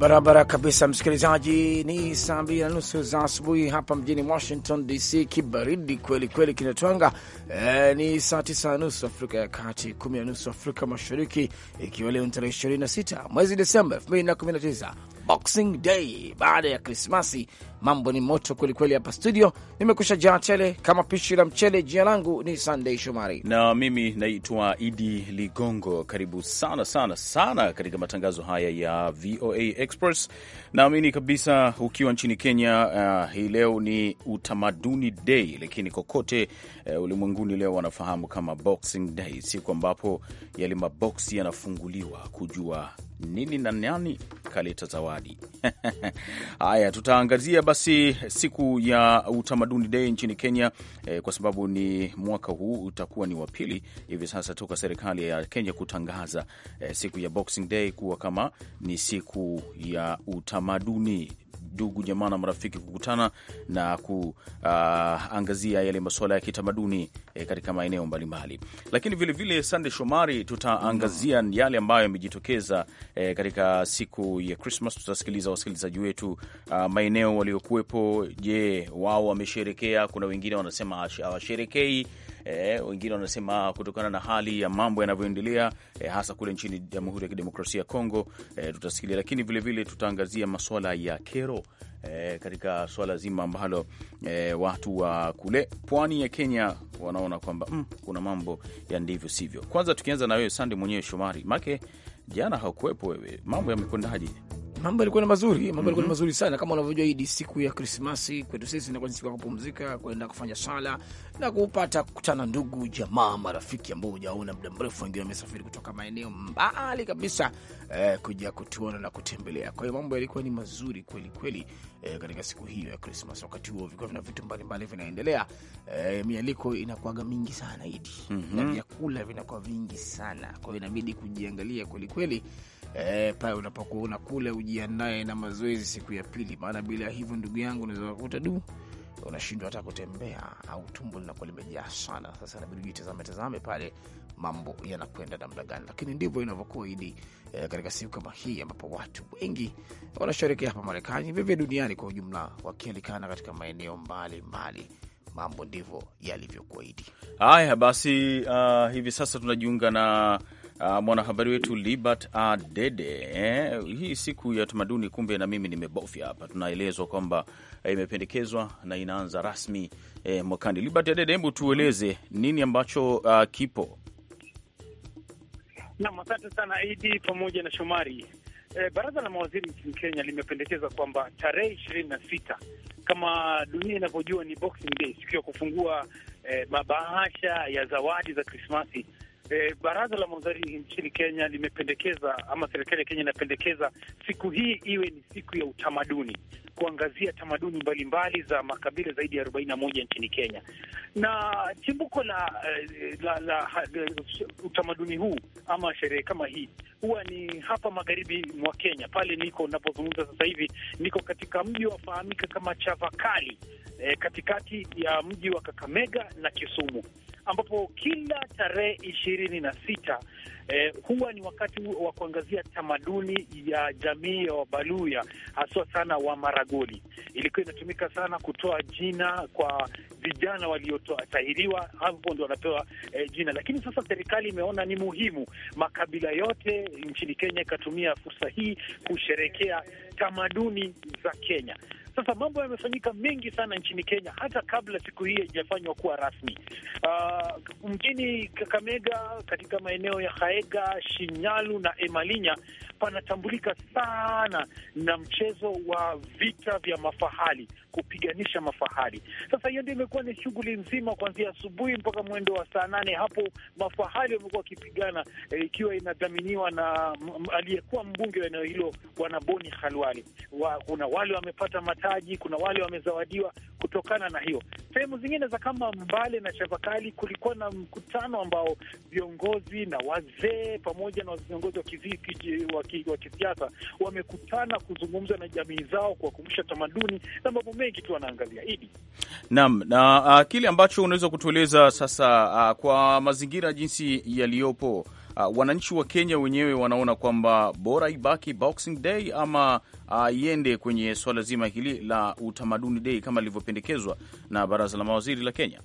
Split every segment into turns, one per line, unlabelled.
Barabara kabisa, msikilizaji. Ni saa mbili na nusu za asubuhi hapa mjini Washington DC. Kibaridi kweli kweli kinatwanga. E, eh, ni saa tisa na nusu Afrika ya Kati, kumi na nusu Afrika Mashariki, ikiwa leo ni tarehe 26 mwezi Desemba tisa. Boxing Day baada ya Krismasi. Mambo ni moto kwelikweli hapa studio, nimekusha jaa tele kama pishi la mchele. Jina langu ni Sandey Shomari
na mimi naitwa Idi Ligongo. Karibu sana sana sana katika matangazo haya ya VOA Express. Naamini kabisa ukiwa nchini Kenya, uh, hii leo ni utamaduni day, lakini kokote uh, ulimwenguni leo wanafahamu kama Boxing Day, siku ambapo yale maboksi yanafunguliwa kujua nini na nani kaleta zawadi. Haya, tutaangazia basi siku ya utamaduni dei nchini Kenya eh, kwa sababu ni mwaka huu utakuwa ni wa pili hivi sasa toka serikali ya Kenya kutangaza eh, siku ya Boxing Day kuwa kama ni siku ya utamaduni ndugu jamaa na marafiki kukutana na kuangazia yale masuala ya kitamaduni eh, katika maeneo mbalimbali. Lakini vilevile, Sande Shomari, tutaangazia mm. yale ambayo yamejitokeza eh, katika siku ya Krismas. Tutasikiliza wasikilizaji wetu ah, maeneo waliokuwepo. Je, wao wamesherekea? Kuna wengine wanasema hawasherekei eh, wengine wanasema kutokana na hali ya mambo yanavyoendelea eh, hasa kule nchini Jamhuri ya Kidemokrasia ya Kongo eh, tutasikilia, lakini vilevile tutaangazia masuala ya kero E, katika swala zima ambalo e, watu wa kule pwani ya Kenya wanaona kwamba mm, kuna mambo ya ndivyo sivyo. Kwanza tukianza na wewe Sande mwenyewe Shomari, make jana haukuwepo wewe, mambo yamekwendaje? Mambo yalikuwa ni mazuri,
mambo yalikuwa ni mhm. mazuri sana. Kama unavyojua, hii siku ya Krismasi kwetu sisi inakuwa ni siku ya kupumzika, kwenda kufanya sala na kupata kukutana ndugu, jamaa, marafiki ambao hujaona muda mrefu. Wengine wamesafiri kutoka maeneo mbali kabisa eh, kuja kutuona na kutembelea. Kwa hiyo mambo yalikuwa ni mazuri kweli kweli, eh, katika siku hiyo ya Krismas. Wakati huo vikiwa vina vitu mbalimbali vinaendelea, eh, mialiko inakuwaga mingi sana Idi mm -hmm. na vyakula vinakuwa vingi sana, kwa hiyo inabidi kujiangalia kwelikweli eh, pale unapokuwa unakula ujiandae na mazoezi siku ya pili, maana bila hivyo ndugu yangu unaweza kukuta du unashindwa hata kutembea au tumbo linakuwa limejaa sana. Sasa inabidi uitazame tazame pale mambo yanakwenda namna gani, lakini ndivyo inavyokuwa Idi eh, katika siku kama hii ambapo watu wengi wanasherekea hapa Marekani, vivyo duniani kwa ujumla, wakialikana katika maeneo mbalimbali. Mambo ndivyo yalivyokuwa Idi.
Haya basi, uh, hivi sasa tunajiunga na Uh, mwanahabari wetu Libert Adede eh, hii siku ya tamaduni, kumbe na mimi nimebofya hapa. Tunaelezwa kwamba eh, imependekezwa na inaanza rasmi eh, mwakani. Libert Adede, hebu tueleze nini ambacho uh, kipo.
Nam, asante sana Idi pamoja na Shomari. Eh, baraza la mawaziri nchini Kenya limependekeza kwamba tarehe ishirini na sita kama dunia inavyojua ni Boxing Day, siku ya kufungua eh, mabahasha ya zawadi za Krismasi E, baraza la mawaziri nchini Kenya limependekeza ama serikali ya Kenya inapendekeza siku hii iwe ni siku ya utamaduni, kuangazia tamaduni mbalimbali za makabila zaidi ya arobaini na moja nchini Kenya, na chimbuko la, eh, la, la, la utamaduni huu ama sherehe kama hii huwa ni hapa magharibi mwa Kenya. Pale niko napozungumza sasa hivi niko katika mji wafahamika kama Chavakali, eh, katikati ya mji wa Kakamega na Kisumu ambapo kila tarehe ishirini na sita eh, huwa ni wakati wa kuangazia tamaduni ya jamii ya Wabaluya haswa sana wa Maragoli. Ilikuwa inatumika sana kutoa jina kwa vijana waliotahiriwa, hapo ndo wanapewa eh, jina. Lakini sasa serikali imeona ni muhimu makabila yote nchini Kenya ikatumia fursa hii kusherekea tamaduni za Kenya. Sasa mambo yamefanyika mengi sana nchini Kenya hata kabla siku hii haijafanywa kuwa rasmi. Uh, mjini Kakamega, katika maeneo ya Haega, Shinyalu na Emalinya panatambulika sana na mchezo wa vita vya mafahali, kupiganisha mafahali. Sasa hiyo ndio imekuwa ni shughuli nzima kuanzia asubuhi mpaka mwendo wa saa nane hapo mafahali wamekuwa wakipigana, e, ikiwa e, inadhaminiwa na aliyekuwa mbunge wa eneo hilo Bwana Boni Halwali. Kuna wa, wale wamepata mataji, kuna wale wamezawadiwa kutokana na hiyo. Sehemu zingine za kama Mbale na Chavakali kulikuwa na mkutano ambao viongozi na wazee pamoja na viongozi wa kisiasa wamekutana kuzungumza na jamii zao, kuwakumbusha tamaduni na mambo mengi tu wanaangalia. Idi
nam na uh, kile ambacho unaweza kutueleza sasa, uh, kwa mazingira jinsi yaliyopo uh, wananchi wa Kenya wenyewe wanaona kwamba bora ibaki Boxing Day ama ah, iende uh, kwenye swala zima hili la utamaduni dei kama lilivyopendekezwa na baraza la mawaziri la Kenya.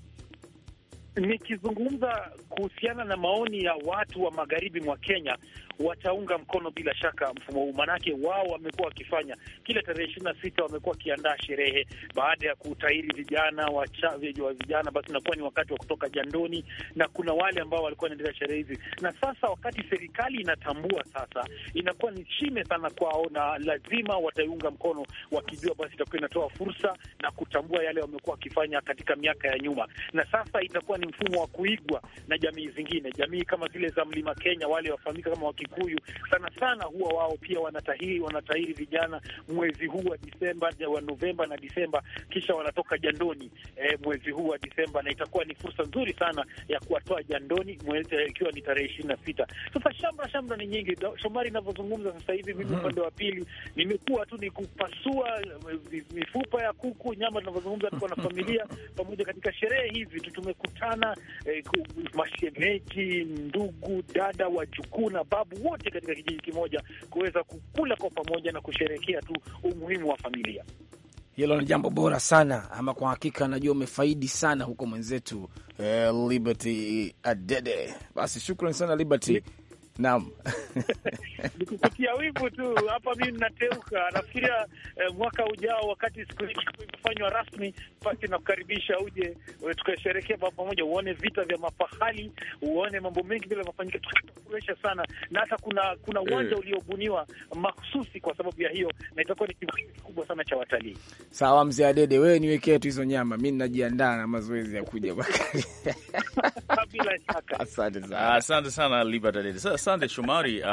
Nikizungumza kuhusiana na maoni ya watu wa magharibi mwa Kenya, wataunga mkono bila shaka mfumo huu, maanake wao wamekuwa wakifanya kila tarehe ishirini na sita wamekuwa wakiandaa sherehe baada ya kutairi vijana wachawi wa vijana, basi inakuwa ni wakati wa kutoka jandoni, na kuna wale ambao walikuwa wanaendelea sherehe hizi, na sasa wakati serikali inatambua sasa, inakuwa ni shime sana kwao, na lazima wataiunga mkono wakijua, basi itakuwa inatoa fursa na kutambua yale wamekuwa wakifanya katika miaka ya nyuma, na sasa itakuwa ni mfumo wa kuigwa na jamii zingine, jamii kama zile za Mlima Kenya, wale wafahamika kama waki Kikuyu. sana sana huwa wao pia wanatahiri wanatahiri vijana mwezi huu wa Disemba wa Novemba na Disemba, kisha wanatoka jandoni e, mwezi huu wa Disemba, na itakuwa ni fursa nzuri sana ya kuwatoa jandoni mwezi eh, ikiwa ni tarehe ishirini na sita. Sasa shamra shamra ni nyingi, Shomari, inavyozungumza sasa hivi mimi mhm. upande wa pili nimekuwa tu ni kupasua eh, mifupa ya kuku nyama, tunavyozungumza tuko na familia pamoja katika sherehe hizi tu tumekutana, eh, mashemeji, ndugu, dada, wajukuu na babu wote katika kijiji kimoja kuweza kukula kwa pamoja na kusherehekea tu umuhimu wa familia.
Hilo ni jambo bora sana ama, kwa hakika najua umefaidi sana huko mwenzetu, eh, Liberty Adede. Basi shukrani sana Liberty Naam,
nikupitia wivu tu hapa, mimi nateuka. Nafikiria eh, mwaka ujao, wakati siku hii imefanywa rasmi, basi nakukaribisha uje eh, tukasherekea pamoja, uone vita vya mapahali, uone mambo mengi vile yanafanyika, tukafurahisha sana, na hata kuna kuna eh. uwanja uliobuniwa mahususi kwa sababu ya hiyo, na itakuwa ni kivutio
kikubwa sana cha watalii.
Sawa, mzee Adede, wewe niwekee tu hizo nyama, mi najiandaa na mazoezi ya
kuja. Bila shaka, asante sana, asante sana Liberty Adede asante Shomari, uh,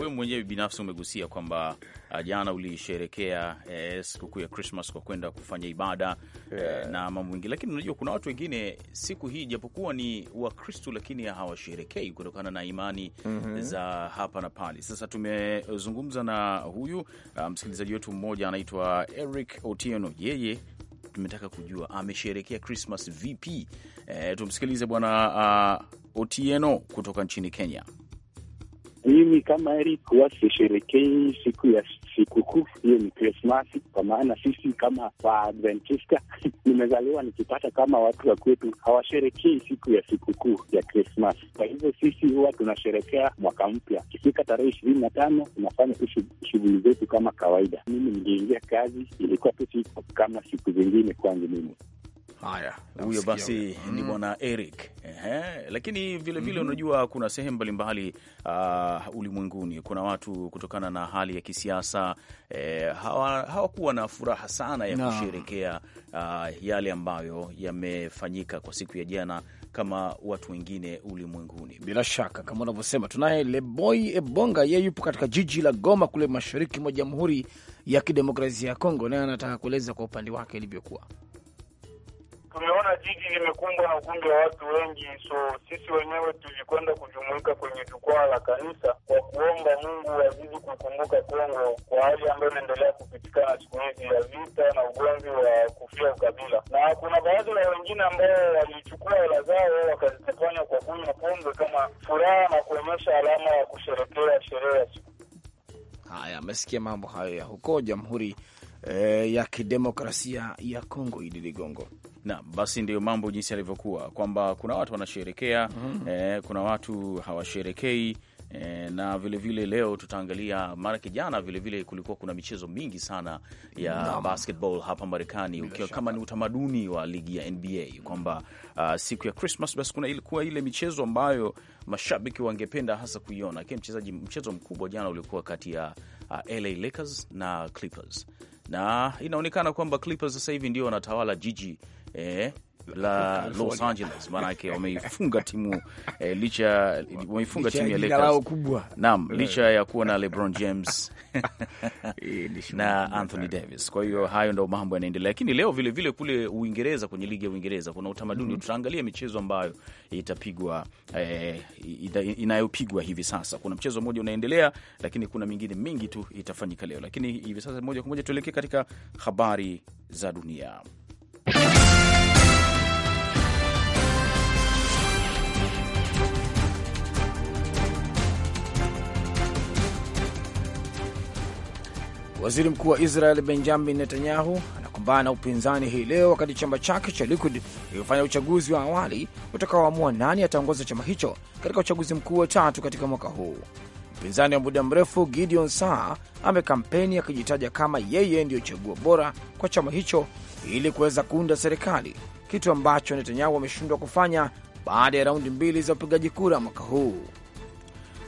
wewe mwenyewe binafsi umegusia kwamba uh, jana ulisherekea eh, sikukuu ya Krismas kwa kwenda kufanya ibada uh, yeah, eh, na mambo mengi, lakini unajua kuna watu wengine siku hii japokuwa ni Wakristu lakini hawasherekei kutokana na imani mm -hmm. za hapa na pale. Sasa tumezungumza na huyu uh, msikilizaji wetu mmoja anaitwa Eric Otieno, yeye tumetaka kujua amesherekea Krismas vipi. Eh, tumsikilize Bwana uh, Otieno kutoka nchini Kenya.
Mimi kama Eric huwa sisherekei siku ya sikukuu, hiyo ni Krismasi, kwa maana sisi kama Waadventista nimezaliwa nikipata kama watu wa kwetu hawasherekei siku ya sikukuu ya krismas Kwa hivyo sisi huwa tunasherekea mwaka mpya, kifika tarehe ishirini na tano tunafanya tu shughuli zetu kama kawaida. Mimi niliingia kazi, ilikuwa tu siku kama siku zingine kwangu mimi.
Haya, huyo basi mm, ni mm-hmm. bwana Eric. Ehe, lakini vilevile mm, mm-hmm. unajua kuna sehemu mbalimbali uh, ulimwenguni kuna watu kutokana na hali ya kisiasa eh, hawakuwa hawa na furaha sana ya no, kusherekea uh, yale ambayo yamefanyika kwa siku ya jana kama watu wengine ulimwenguni. Bila shaka kama unavyosema, tunaye
Leboi Ebonga, yeye yupo katika jiji la Goma kule mashariki mwa Jamhuri ya Kidemokrasia ya Kongo, naye anataka kueleza kwa upande wake ilivyokuwa
tumeona jiji limekumbwa na ukumbi wa watu wengi, so sisi wenyewe tulikwenda kujumuika kwenye jukwaa la kanisa kwa kuomba Mungu azidi kukumbuka Kongo kwa hali ambayo inaendelea kupitikana siku hizi ya vita na ugonzi wa kufia ukabila, na kuna baadhi ya
wengine ambao walichukua hela zao wakazitafanya kwa kunywa pombe kama furaha na kuonyesha alama ya kusherekea sherehe ya
siku. Haya, amesikia mambo hayo ya huko Jamhuri
eh, ya kidemokrasia ya Kongo. Idi Ligongo nam, basi ndiyo mambo jinsi yalivyokuwa kwamba kuna watu wanasherekea mm -hmm. eh, kuna watu hawasherekei eh, na vilevile vile leo tutaangalia, maanake jana vilevile kulikuwa kuna michezo mingi sana ya Nama. basketball hapa Marekani, ukiwa kama ni utamaduni wa ligi ya NBA kwamba uh, siku ya Christmas basi kuna ilikuwa ile michezo ambayo mashabiki wangependa hasa kuiona, lakini mchezaji, mchezo mkubwa jana ulikuwa kati ya uh, ah, LA Lakers na Clippers na inaonekana kwamba Clippers sasa hivi ndio wanatawala jiji eh, la Los Angeles, maanake wameifunga timu eh, licha wameifunga timu ya Lakers naam, eh. licha ya kuwa na LeBron James eh, na Anthony Davis. Kwa hiyo hayo ndo mambo yanaendelea, lakini leo vilevile vile kule Uingereza, kwenye ligi ya Uingereza kuna utamaduni mm -hmm. Tutaangalia michezo ambayo itapigwa eh, inayopigwa hivi sasa. Kuna mchezo mmoja unaendelea, lakini kuna mingine mingi tu itafanyika leo, lakini hivi sasa moja kwa moja tuelekee katika habari za dunia.
Waziri mkuu wa Israel Benjamin Netanyahu anakumbana na upinzani hii leo wakati chama chake cha Likud iliyofanya uchaguzi wa awali utakaoamua nani ataongoza chama hicho katika uchaguzi mkuu wa tatu katika mwaka huu. Mpinzani wa muda mrefu Gideon Saar amekampeni akijitaja kama yeye ndiyo chaguo bora kwa chama hicho ili kuweza kuunda serikali, kitu ambacho Netanyahu ameshindwa kufanya baada ya raundi mbili za upigaji kura mwaka huu.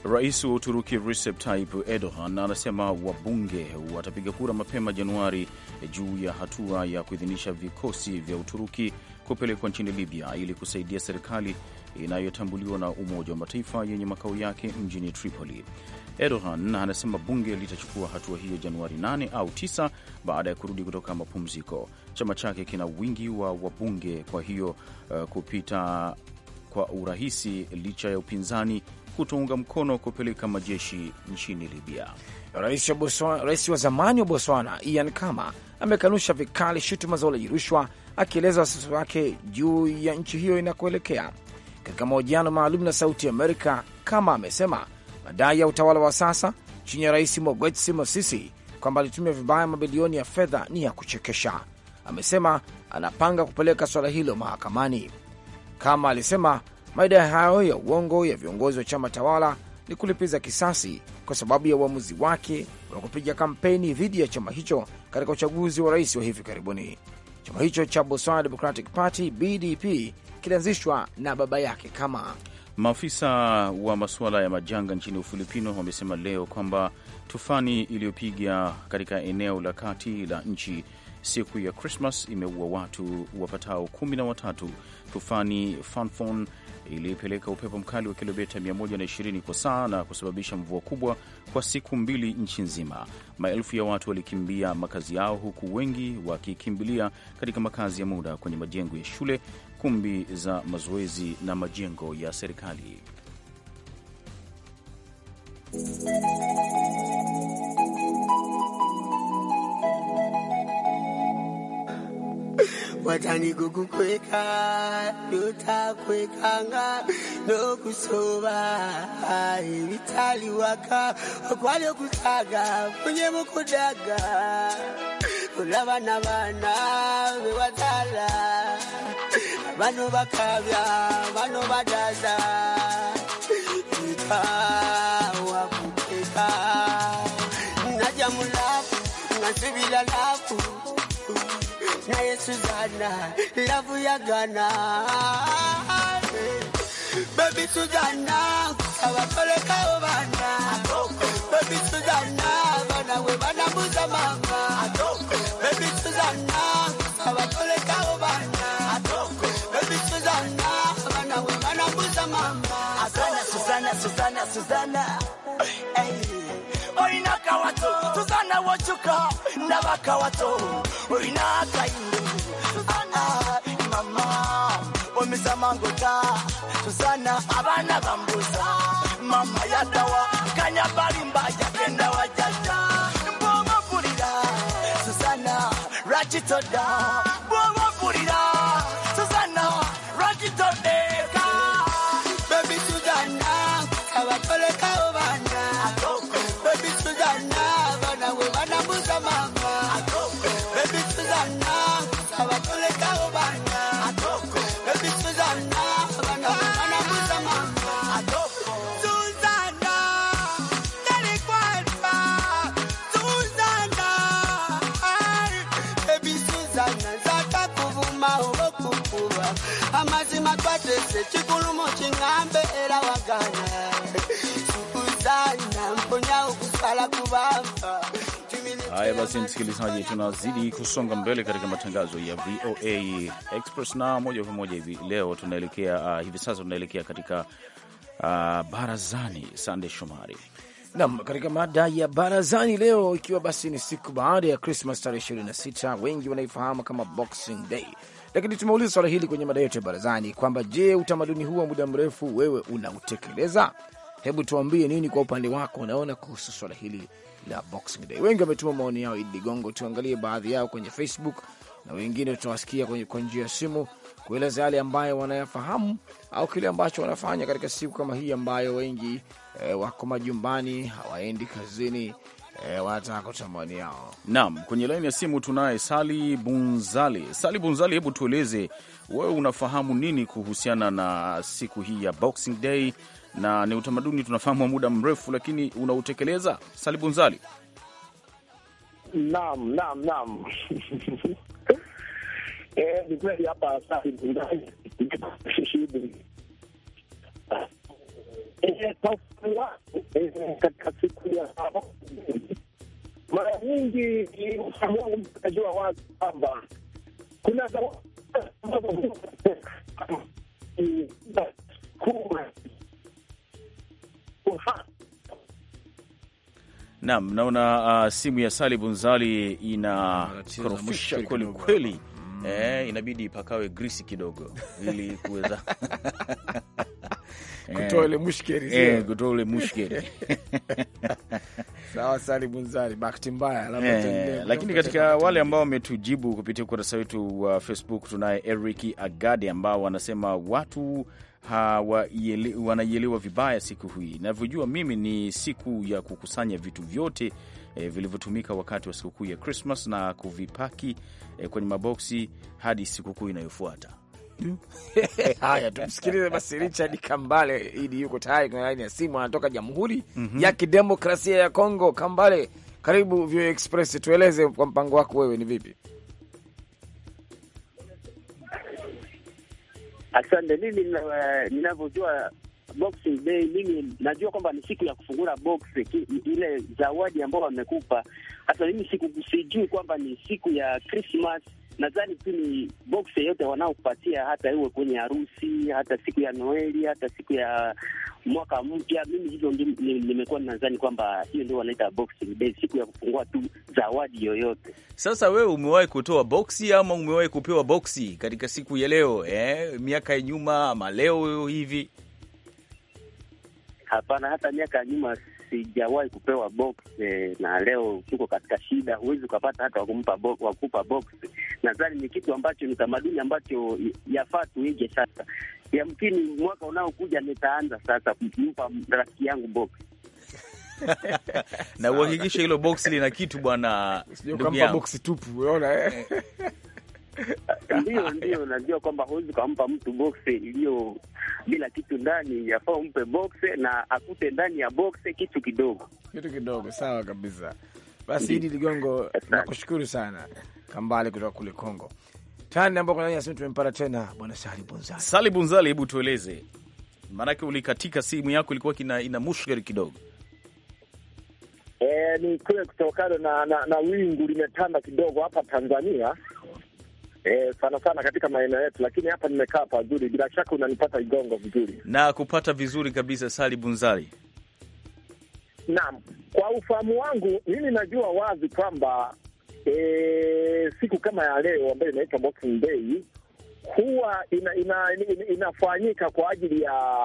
Rais wa Uturuki Recep Tayyip Erdogan anasema wabunge watapiga kura mapema Januari juu ya hatua ya kuidhinisha vikosi vya Uturuki kupelekwa nchini Libya ili kusaidia serikali inayotambuliwa na Umoja wa Mataifa yenye makao yake mjini Tripoli. Erdogan anasema bunge litachukua hatua hiyo Januari 8 au 9 baada ya kurudi kutoka mapumziko. Chama chake kina wingi wa wabunge, kwa hiyo uh, kupita kwa urahisi licha ya upinzani kutounga mkono kupeleka majeshi nchini Libya. Rais wa, rais wa zamani wa Botswana Ian Kama
amekanusha vikali shutuma za ulaji rushwa, akieleza wasiwasi wake juu ya nchi hiyo inakoelekea. Katika mahojiano maalum na Sauti Amerika, Kama amesema madai ya utawala wa sasa chini ya Rais Mogwetsi Mosisi kwamba alitumia vibaya mabilioni ya fedha ni ya kuchekesha. Amesema anapanga kupeleka suala hilo mahakamani. Kama alisema Madai hayo ya uongo ya viongozi wa chama tawala ni kulipiza kisasi kwa sababu ya uamuzi wake wa kupiga kampeni dhidi ya chama hicho katika uchaguzi wa rais wa hivi karibuni. Chama hicho cha Botswana Democratic Party BDP kilianzishwa na baba yake kama
Maafisa wa masuala ya majanga nchini Ufilipino wamesema leo kwamba tufani iliyopiga katika eneo la kati la nchi siku ya Krismas imeua watu wapatao kumi na watatu tufani Fanfon ilipeleka upepo mkali wa kilomita 120 kwa saa na kusababisha mvua kubwa kwa siku mbili nchi nzima. Maelfu ya watu walikimbia makazi yao, huku wengi wakikimbilia katika makazi ya muda kwenye majengo ya shule, kumbi za mazoezi na majengo ya serikali.
watani kukukweka lutakwekanga nokusoba vitaliwaka wakwali okusaga kunye mukudaga kulabana vana bewatala bano bakabya bano badaza ika wakukeka najamulafu nasibila lafu Bwana Yesu Zana, love ya Ghana. Baby Suzana, abapeleka obana. Baby Suzana, bana we bana muza mama. Baby Suzana, abapeleka obana. Baby Suzana, bana we bana muza mama. Asana Suzana, Suzana, Suzana. Hey olina akawato tuzana wocuka n'abakawato olina ah, mama omisa mangota tuzana abana bambuza mama yadawa kanyabalimba yagenda wajaja mbomavulira tuzana lwaki toda
Haya basi, msikilizaji, tunazidi kusonga mbele katika matangazo ya VOA Express na moja kwa moja hivi leo tunaelekea uh, hivi sasa tunaelekea katika uh, barazani. Sande Shomari
nam katika mada ya barazani leo, ikiwa basi ni siku baada ya Krismas tarehe 26, wengi wanaifahamu kama Boxing Day, lakini tumeuliza swala hili kwenye mada yetu ya barazani kwamba je, utamaduni huu wa muda mrefu wewe unautekeleza? Hebu tuambie nini kwa upande wako unaona kuhusu swala hili la Boxing Day. Wengi wametuma maoni yao, Idi Ligongo, tuangalie baadhi yao kwenye Facebook na wengine tutawasikia kwa njia ya simu kueleza yale ambayo wanayafahamu
au kile ambacho wanafanya katika
siku kama hii ambayo wengi e, wako
majumbani hawaendi kazini e, wanataka kutoa maoni yao. Naam, kwenye laini ya simu tunaye Sali Bunzali. Sali Bunzali, hebu tueleze wewe unafahamu nini kuhusiana na siku hii ya Boxing Day na ni utamaduni tunafahamu wa muda mrefu, lakini unautekeleza Salibunzali?
Naam, naam, naam. Eh, ni kweli hapa Salibunzali eh, eh, katika siku ya mara nyingi najua wazi kwamba kuna
Naam, naona uh, simu ya Sali Bunzali inakorofisha kweli kweli. Mm. Eh, inabidi pakawe grisi kidogo ili kuweza kutoa ule mushkeri, eh, kutoa ule mushkeri
Sawa sali bunzari, bahati mbaya labda eh, tuendelee. Lakini katika
wale ambao wametujibu kupitia ukurasa wetu wa Facebook tunaye Eric Agade ambao wanasema watu wanaielewa vibaya siku hii. Navyojua mimi ni siku ya kukusanya vitu vyote e, vilivyotumika wakati wa sikukuu ya Christmas na kuvipaki e, kwenye maboksi hadi sikukuu inayofuata.
Haya, tumsikilize basi Richard Kambale Idi, yuko tayari kwenye laini ya simu, anatoka Jamhuri mm -hmm. ya Kidemokrasia ya Kongo. Kambale, karibu Vio Express, tueleze kwa mpango wako wewe ni vipi?
Asante. Mimi eh, ninavyojua Boxing Day, mimi najua kwamba ni siku ya kufungura box, ile zawadi ambao wamekupa. Hata mimi sijui kwamba ni siku ya Christmas nadhani tu ni box yeyote wanaokupatia, hata iwe kwenye harusi, hata siku ya Noeli, hata siku ya mwaka mpya. Mimi hivyo nimekuwa nadhani kwamba hiyo ndio wanaita boxing day, siku ya kufungua tu zawadi yoyote.
Sasa wewe umewahi kutoa boksi ama umewahi kupewa boksi katika siku ya leo eh? miaka ya nyuma ama leo hivi?
Hapana, hata miaka ya nyuma sijawahi kupewa box eh, na leo tuko katika shida, huwezi ukapata hata wakumpa bo, wakupa box. Nadhani ni kitu ambacho ni tamaduni ambacho yafaa tuige sasa, yamkini mwaka unaokuja nitaanza sasa kumpa rafiki yangu box
na uhakikishe hilo boksi lina kitu bwana, boksi tupu
unaona eh? eh. Ndio, ndio, najua kwamba huwezi ukampa mtu boxe iliyo bila kitu ndani. Yafaa umpe boxe na akute ndani ya boxe kitu
kidogo, kitu kidogo. Sawa kabisa. Basi Idi Ligongo, nakushukuru sana. Kambale kutoka kule Kongo tani ambao kuna simu tumempata tena bwana Sali Bunzali.
Sali Bunzali, hebu tueleze, maanake ulikatika simu yako ilikuwa kina, ina mushkeli kidogo.
E, ni kule kutokana na, na, na wingu limetanda kidogo hapa Tanzania eh, sana sana katika maeneo yetu, lakini hapa nimekaa pazuri. Bila shaka unanipata Igongo vizuri
na kupata vizuri kabisa. Sali Bunzali.
Naam, kwa ufahamu wangu mimi najua wazi kwamba e, siku kama ya leo ambayo inaitwa Boxing Day huwa ina, ina, ina, inafanyika kwa ajili ya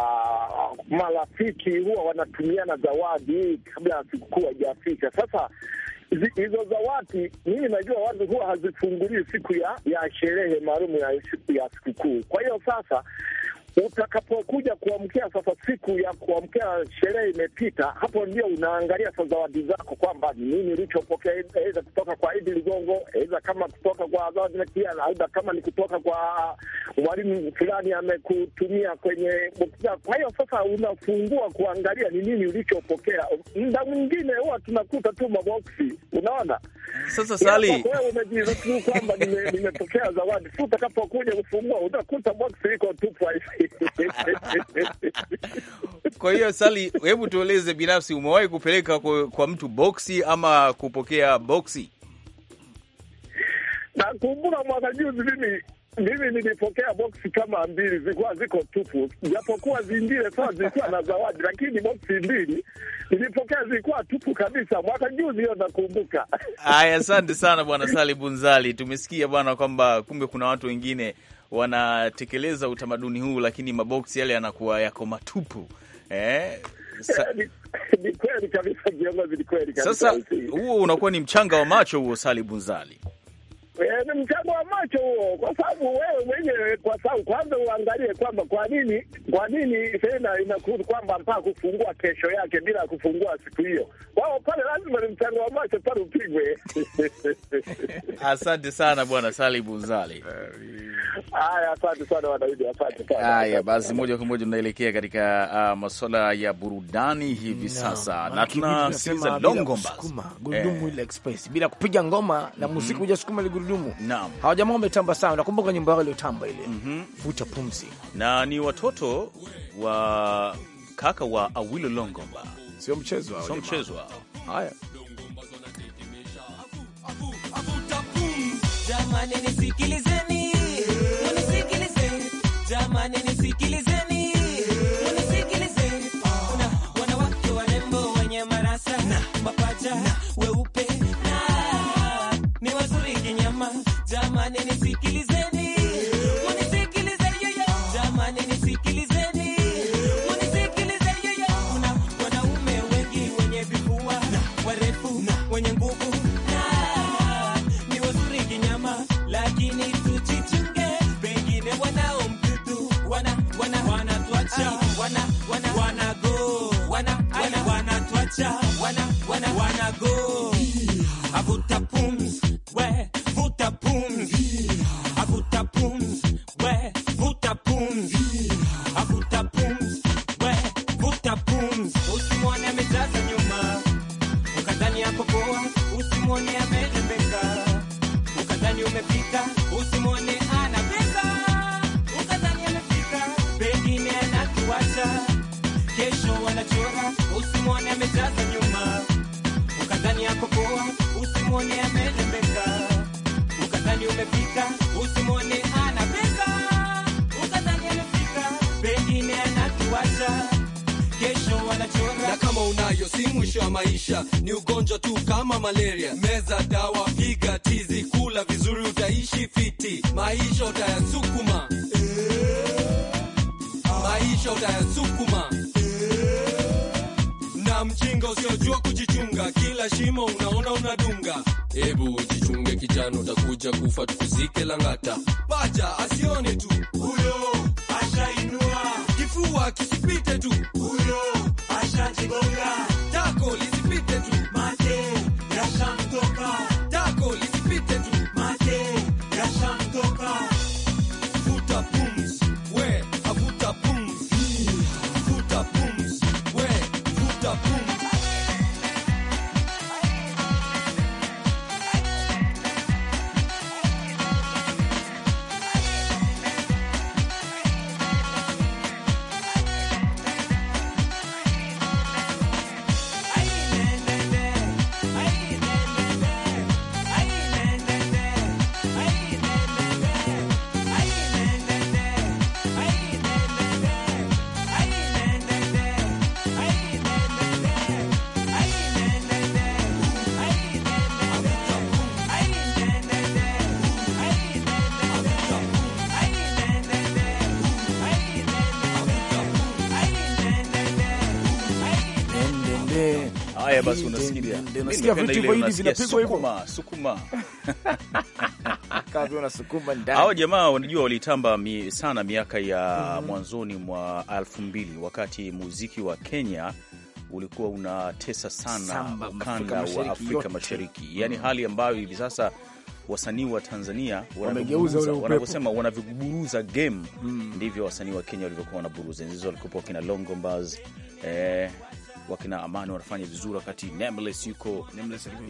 marafiki, huwa wanatumiana zawadi kabla ya sikukuu haijafika. Sasa hizo zawati mimi najua watu huwa hazifunguliwi siku ya ya sherehe maalum ya siku ya sikukuu. Kwa hiyo sasa utakapokuja kuamkia sasa, siku ya kuamkia sherehe imepita, hapo ndio unaangalia sasa zawadi zako, kwamba nini ulichopokea, aidha kutoka kwa Idi Ligongo, aidha kama kutoka kwa Zawadimekia, aidha kama ni kutoka kwa mwalimu fulani amekutumia kwenye boksa. Kwa hiyo sasa unafungua kuangalia ni nini ulichopokea. mda mwingine huwa tunakuta tu maboksi, unaona. Sasa sali wewe kwamba nimepokea zawadi, utakapokuja kufungua utakuta boksi liko tupu.
Kwa hiyo Sali, hebu tueleze binafsi, umewahi kupeleka kwa, kwa mtu boksi ama kupokea boksi?
Nakumbuka mwaka juzi mimi mimi nilipokea boksi kama mbili, zilikuwa ziko tupu, japokuwa zingine sawa zilikuwa na zawadi, lakini boksi mbili nilipokea zilikuwa tupu kabisa, mwaka juzi, hiyo nakumbuka.
Aya, asante sana bwana Sali Bunzali. Tumesikia bwana kwamba kumbe kuna watu wengine wanatekeleza utamaduni huu, lakini maboksi yale yanakuwa yako matupu eh? Sa ni
kweli kabisa, kiongozi, ni kweli kabisa. Sasa
huo unakuwa ni mchanga wa macho huo, Sali Bunzali.
E, ni mchango wa macho huo, kwa sababu wewe mwenyewe, kwa sababu kwanza uangalie kwamba kwa nini kwa nini tena inakuhusu kwamba mpaka kufungua kesho yake bila kufungua siku hiyo kwao pale, lazima ni mchango wa macho pale upigwe.
Asante sana bwana Sali Buzali. Haya, asante sana wanaidi, asante sana. Haya basi, moja kwa moja tunaelekea katika uh, masuala ya burudani hivi no, sasa na tunasikiliza Longomba eh.
gurudumu ile express bila kupiga ngoma na mhm. muziki hujasukuma mm magurudumu. Naam, hawa wametamba sana. Nakumbuka nyumba yao iliyotamba ile, mm -hmm. Vuta Pumzi,
na ni watoto wa kaka wa Awilo Longomba, sio mchezo hao, sio mchezo hao. Haya,
jamani nisikilizeni, nisikilizeni, jamani nisikilizeni pumzi, we, vuta a avuta pumzi usiojua kujichunga, kila shimo unaona unadunga. Hebu ujichunge kijana, utakuja kufa, tukuzike Lang'ata. Pacha asione tu, huyo ashainua kifua, kisipite tu, huyo ashajigonga
haya eh, basi, unasikia vitu hivyo hivi vinapigwa hivyo, sukuma sukuma una sukuma ndani. Hao jamaa wanajua walitamba mi, sana miaka ya mm, mwanzoni mwa elfu mbili wakati muziki wa Kenya ulikuwa unatesa sana Samba, ukanda wa Afrika Mashariki, mhm. yani mm, hali ambayo hivi sasa wasanii wa Tanzania wanavyosema wanavyoburuza game mm, ndivyo wasanii wa Kenya walivyokuwa wanaburuza. Nzizo walikuwa wakina Longombas eh, wakina Amani wanafanya vizuri, wakati Nameless yuko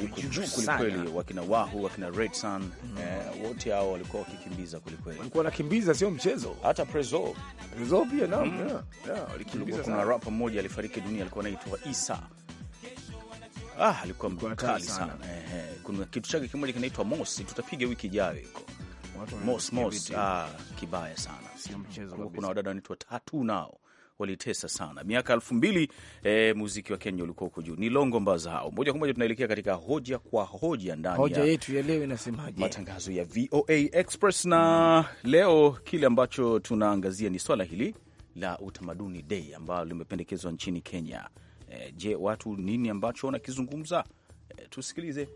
yuko juu kwelikweli,
wakina Wahu, wakina Red Sun mm. eh, wote hao walikuwa wakikimbiza kwelikweli, walikuwa wanakimbiza, sio mchezo. Hata Prezo Prezo pia nam mm. Mm-hmm. yeah, yeah, walikimbiza. Kuna rapa mmoja alifariki dunia, alikuwa anaitwa Isa Ah, alikuwa mkali sana. Eh, kuna kitu chake kimoja kinaitwa Mos, tutapiga wiki ijayo iko. Mos, mos, ah, kibaya sana. Sio mchezo. Kuna wadada wanaitwa Tatu nao walitesa sana miaka elfu mbili e, muziki wa Kenya ulikuwa huko juu. Ni longo mbaza hao. Moja kwa moja tunaelekea katika hoja kwa hoja ndani hoja yetu ya leo inasemaje, matangazo ya VOA Express na leo kile ambacho tunaangazia ni swala hili la utamaduni dei ambalo limependekezwa nchini Kenya. E, je, watu nini ambacho wanakizungumza? E, tusikilize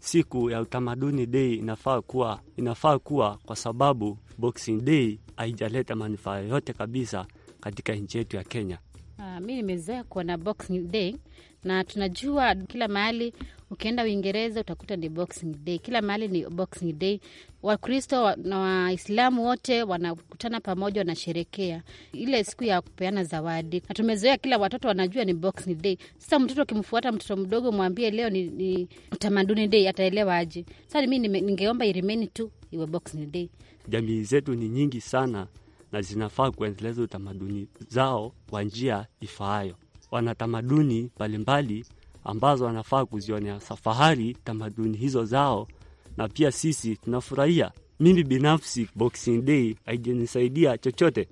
siku ya utamaduni dei inafaa kuwa, inafaa kuwa kwa sababu Boxing Day haijaleta manufaa yoyote kabisa katika nchi yetu ya Kenya.
Ah, mi nimezekwa na Boxing Day na tunajua kila mahali Ukienda Uingereza utakuta ni Boxing Day, kila mahali ni Boxing Day. Wakristo na Waislamu wote wanakutana pamoja, wanasherekea ile siku ya kupeana zawadi, na tumezoea kila watoto wanajua ni Boxing Day. Sasa mtoto ukimfuata mtoto mdogo, mwambie leo ni, ni utamaduni day, ataelewa aje? Sasa mi ningeomba irimeni tu iwe Boxing Day.
Jamii zetu ni nyingi sana na zinafaa kuendeleza utamaduni zao kwa njia ifaayo. Wanatamaduni mbalimbali ambazo wanafaa kuzionea safahari tamaduni hizo zao, na pia sisi tunafurahia. Mimi binafsi Boxing Day haijanisaidia chochote,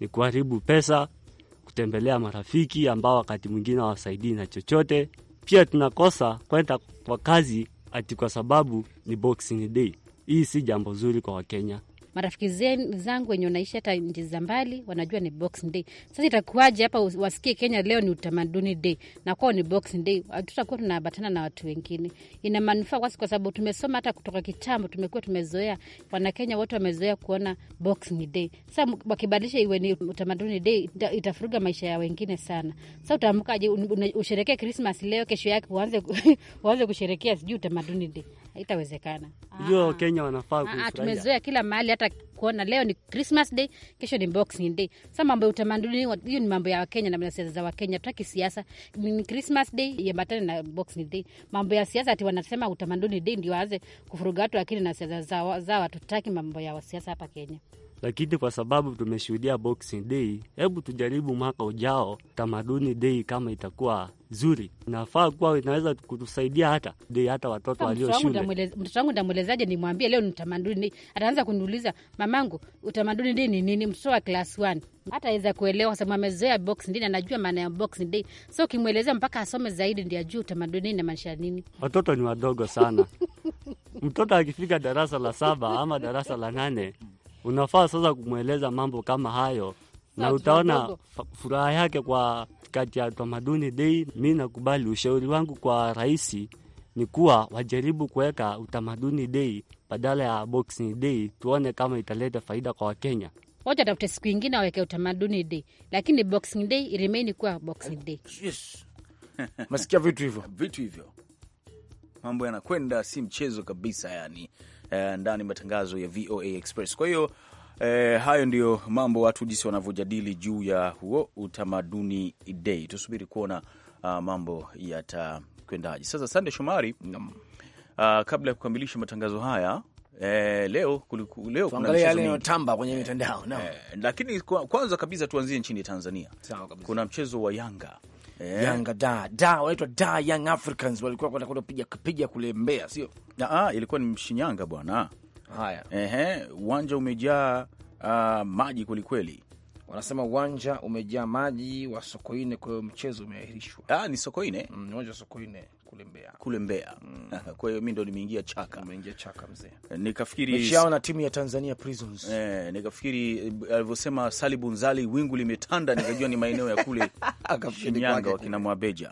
ni kuharibu pesa, kutembelea marafiki ambao wakati mwingine hawasaidii na chochote. Pia tunakosa kwenda kwa kazi ati kwa sababu ni Boxing Day. Hii si jambo zuri kwa Wakenya
marafiki zangu wenye wanaishi hata nchi za mbali wanajua ni Boxing Day. Sasa itakuwaje hapa wasikie Kenya leo ni utamaduni day na kwao ni Boxing Day? Hatutakuwa ah, tunaambatana na watu wengine. Ina manufaa kwasi, kwa sababu tumesoma hata kutoka kitambo, tumekuwa tumezoea, Wanakenya wote wamezoea kuona Boxing Day. Sasa wakibadilisha iwe ni utamaduni day, itafuruga maisha ya wengine sana. Sasa utaamkaje usherekee Krismas leo, kesho yake uanze kusherekea sijui utamaduni day haitawezekana. Unajua ah.
Kenya wanafaa ah, ah, kuifurahia. Tumezoea
kila mahali, hata kuona leo ni Christmas Day, kesho ni Boxing Day. sa mambo ya utamaduni, hiyo ni mambo ya Wakenya na siasa za Wakenya. Tutaki siasa ni Christmas Day iambatane na Boxing Day. Mambo ya siasa ati wanasema utamaduni day ndio waanze kufuruga watu, lakini na siasa zao hatutaki mambo ya siasa hapa Kenya
lakini kwa sababu tumeshuhudia Boxing Day, hebu tujaribu mwaka ujao tamaduni dei kama itakuwa zuri, nafaa kuwa inaweza kutusaidia hata dei, hata watoto walio shule.
Mtoto wangu ndamwelezaje? Nimwambie leo ni tamaduni utamaduni? Ataanza kuniuliza mamangu, utamaduni dei ni nini? Mtoto wa class one hataweza kuelewa kwa sababu amezoea Boxing Day, anajua maana ya Boxing Day. So ukimwelezea mpaka asome zaidi ndio ajue utamaduni inamaanisha nini.
Watoto ni wadogo sana mtoto akifika darasa la saba ama darasa la nane unafaa sasa kumweleza mambo kama hayo
na utaona
furaha yake kwa kati ya tamaduni dei. Mi nakubali ushauri wangu kwa rais ni kuwa wajaribu kuweka utamaduni dei badala ya boxing dei, tuone kama italeta faida kwa Wakenya.
Wacha tafute siku ingine aweke utamaduni dei, lakini boxing dei iremeni kuwa boxing dei. Yes.
Masikia vitu hivyo, vitu hivyo, mambo yanakwenda si mchezo kabisa, yani eh, ndani matangazo ya VOA Express. Kwa hiyo eh, hayo ndiyo mambo watu jinsi wanavyojadili juu ya huo utamaduni dei. Tusubiri kuona uh, mambo yatakwendaje. Sasa Sande Shomari, mm. uh, kabla ya kukamilisha matangazo haya Eh, leo kuliku, leo kwenye mitandao no. Eh, lakini kwanza kabisa tuanzie nchini Tanzania. Sawa kabisa. Kuna mchezo wa Yanga yeah. Yanga da da wanaitwa da Young Africans walikuwa kwenda kwenda piga piga kule Mbeya, sio ah, ilikuwa ni Mshinyanga bwana. Haya, ehe, uwanja umejaa uh, maji
kwelikweli. Wanasema uwanja umejaa maji wa Sokoine, kwa hiyo mchezo umeahirishwa.
Ah, ni Sokoine, mm, uwanja mm, wa Sokoine kule Mbeya, kule Mbeya. Mm. Kwa hiyo mi ndo nimeingia chaka, nimeingia chaka mzee, eh, nikafikiri mechi yao
na timu ya Tanzania Prisons
eh, nikafikiri eh, alivyosema Sali Bunzali wingu limetanda, nikajua ni maeneo ya kule Shinyanga wakina Mwabeja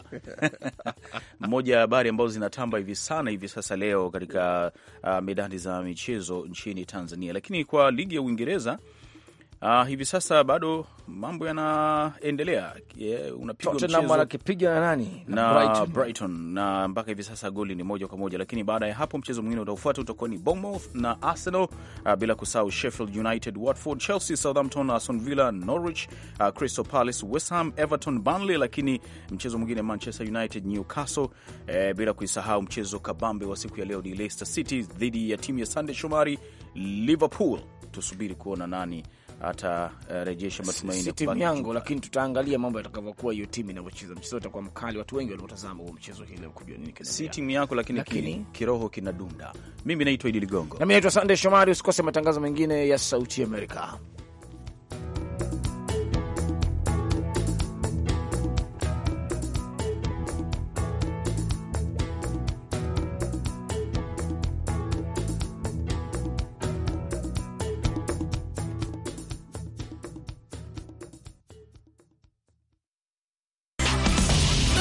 mmoja ya habari ambazo zinatamba hivi sana hivi sasa leo katika uh, ah, medani za michezo nchini Tanzania, lakini kwa ligi ya Uingereza Uh, hivi sasa bado mambo yanaendelea, yeah, unapigwa mchezo anakipiga na nani na Brighton. Brighton na mpaka hivi sasa goli ni moja kwa moja, lakini baada ya hapo mchezo mwingine utaofuata utakuwa ni Bournemouth na Arsenal, uh, bila kusahau Sheffield United, Watford, Chelsea, Southampton, Aston Villa, Norwich, uh, Crystal Palace, West Ham, Everton, Burnley, lakini mchezo mwingine Manchester United, Newcastle, eh, bila kuisahau mchezo kabambe wa siku ya leo ni Leicester City dhidi ya timu ya Sunday Shomari Liverpool. Tusubiri kuona nani atarejesha matumaini timu yangu, lakini tutaangalia mambo yatakavyokuwa hiyo timu inavyocheza. Mchezo itakuwa
mkali, watu wengi waliotazama huo mchezo hii leo kujua nini kinaendelea. Si timu yako, lakini, lakini
kiroho kinadunda. Mimi naitwa Idi Ligongo,
nami naitwa sandey Shomari. Usikose matangazo mengine ya Sauti Amerika.